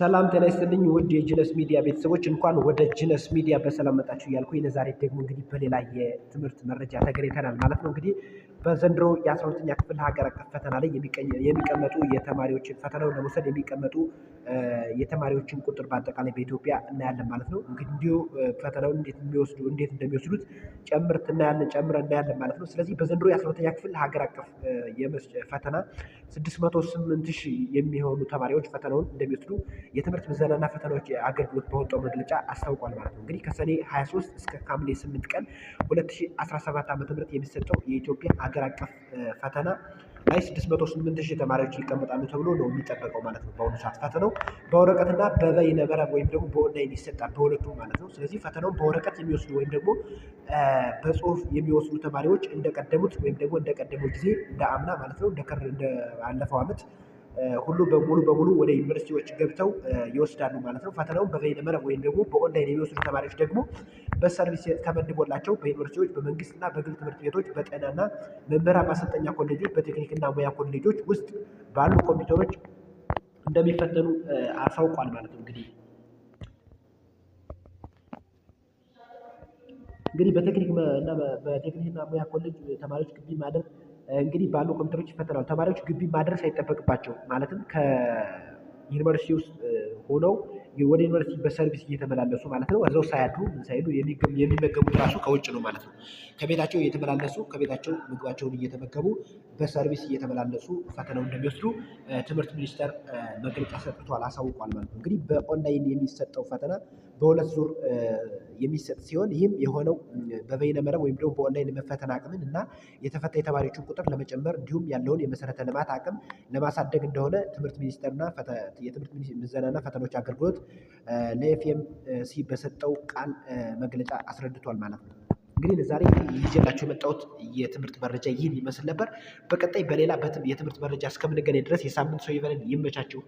ሰላም ጤና ይስጥልኝ ውድ የጂነስ ሚዲያ ቤተሰቦች፣ እንኳን ወደ ጂነስ ሚዲያ በሰላም መጣችሁ እያልኩኝ ለዛሬ ደግሞ እንግዲህ በሌላ የትምህርት መረጃ ተገናኝተናል ማለት ነው። እንግዲህ በዘንድሮ የ12ኛ ክፍል ሀገር አቀፍ ፈተና ላይ የሚቀመጡ የተማሪዎችን ፈተናውን ለመውሰድ የሚቀመጡ የተማሪዎችን ቁጥር በአጠቃላይ በኢትዮጵያ እናያለን ማለት ነው። እንግዲህ ፈተናውን እንዴት የሚወስዱ እንዴት እንደሚወስዱት ጨምር እናያለን ጨምር እናያለን ማለት ነው። ስለዚህ በዘንድሮ የ12ኛ ክፍል ሀገር አቀፍ ፈተና 608 ሺህ የሚሆኑ ተማሪዎች ፈተናውን እንደሚወስዱ የትምህርት ምዘናና ፈተናዎች አገልግሎት በወጣው መግለጫ አስታውቋል ማለት ነው። እንግዲህ ከሰኔ 23 እስከ ሐምሌ 8 ቀን 2017 ዓ.ም የሚሰጠው የኢትዮጵያ ሀገር አቀፍ ፈተና ላይ 608 ሺህ ተማሪዎች ይቀመጣሉ ተብሎ ነው የሚጠበቀው ማለት ነው። በአሁኑ ሰዓት ፈተናው በወረቀትና በበይነ መረብ ወይም ደግሞ በኦንላይን ይሰጣል በሁለቱም ማለት ነው። ስለዚህ ፈተናውን በወረቀት የሚወስዱ ወይም ደግሞ በጽሁፍ የሚወስዱ ተማሪዎች እንደቀደሙት ወይም ደግሞ እንደቀደመው ጊዜ እንደ አምና ማለት ነው እንደ አለፈው ዓመት ሁሉ በሙሉ በሙሉ ወደ ዩኒቨርሲቲዎች ገብተው ይወስዳሉ ማለት ነው። ፈተናውን በበይነ መረብ ወይም ደግሞ በኦንላይን የሚወስዱ ተማሪዎች ደግሞ በሰርቪስ ተመድቦላቸው በዩኒቨርሲቲዎች፣ በመንግስትና በግል ትምህርት ቤቶች፣ በጤናና መምህራን ማሰልጠኛ ኮሌጆች፣ በቴክኒክና ሙያ ኮሌጆች ውስጥ ባሉ ኮምፒውተሮች እንደሚፈተኑ አሳውቋል ማለት ነው። እንግዲህ እንግዲህ በቴክኒክ እና በቴክኒክና ሙያ ኮሌጅ ተማሪዎች ግቢ ማደር እንግዲህ ባሉ ኮምፒውተሮች ይፈተናሉ። ተማሪዎች ግቢ ማድረስ አይጠበቅባቸው ማለትም ከዩኒቨርሲቲ ውስጥ ሆነው ወደ ዩኒቨርሲቲ በሰርቪስ እየተመላለሱ ማለት ነው። እዛው ሳያድሩ ሳይሉ የሚመገቡት ራሱ ከውጭ ነው ማለት ነው። ከቤታቸው እየተመላለሱ ከቤታቸው ምግባቸውን እየተመገቡ በሰርቪስ እየተመላለሱ ፈተናው እንደሚወስዱ ትምህርት ሚኒስቴር መግለጫ ሰጥቷል፣ አሳውቋል ማለት ነው። እንግዲህ በኦንላይን የሚሰጠው ፈተና በሁለት ዙር የሚሰጥ ሲሆን ይህም የሆነው በበይነ መረብ ወይም ደግሞ በኦንላይን መፈተን አቅምን እና የተፈታኝ የተማሪዎችን ቁጥር ለመጨመር እንዲሁም ያለውን የመሰረተ ልማት አቅም ለማሳደግ እንደሆነ ትምህርት ሚኒስቴርና የትምህርት ምዘናና ፈተኖች አገልግሎት ለኤፍኤምሲ በሰጠው ቃል መግለጫ አስረድቷል ማለት ነው። እንግዲህ ለዛሬ ይዤላችሁ የመጣሁት የትምህርት መረጃ ይህን ይመስል ነበር። በቀጣይ በሌላ የትምህርት መረጃ እስከምንገናኝ ድረስ የሳምንት ሰው ይበለን። ይመቻችሁ።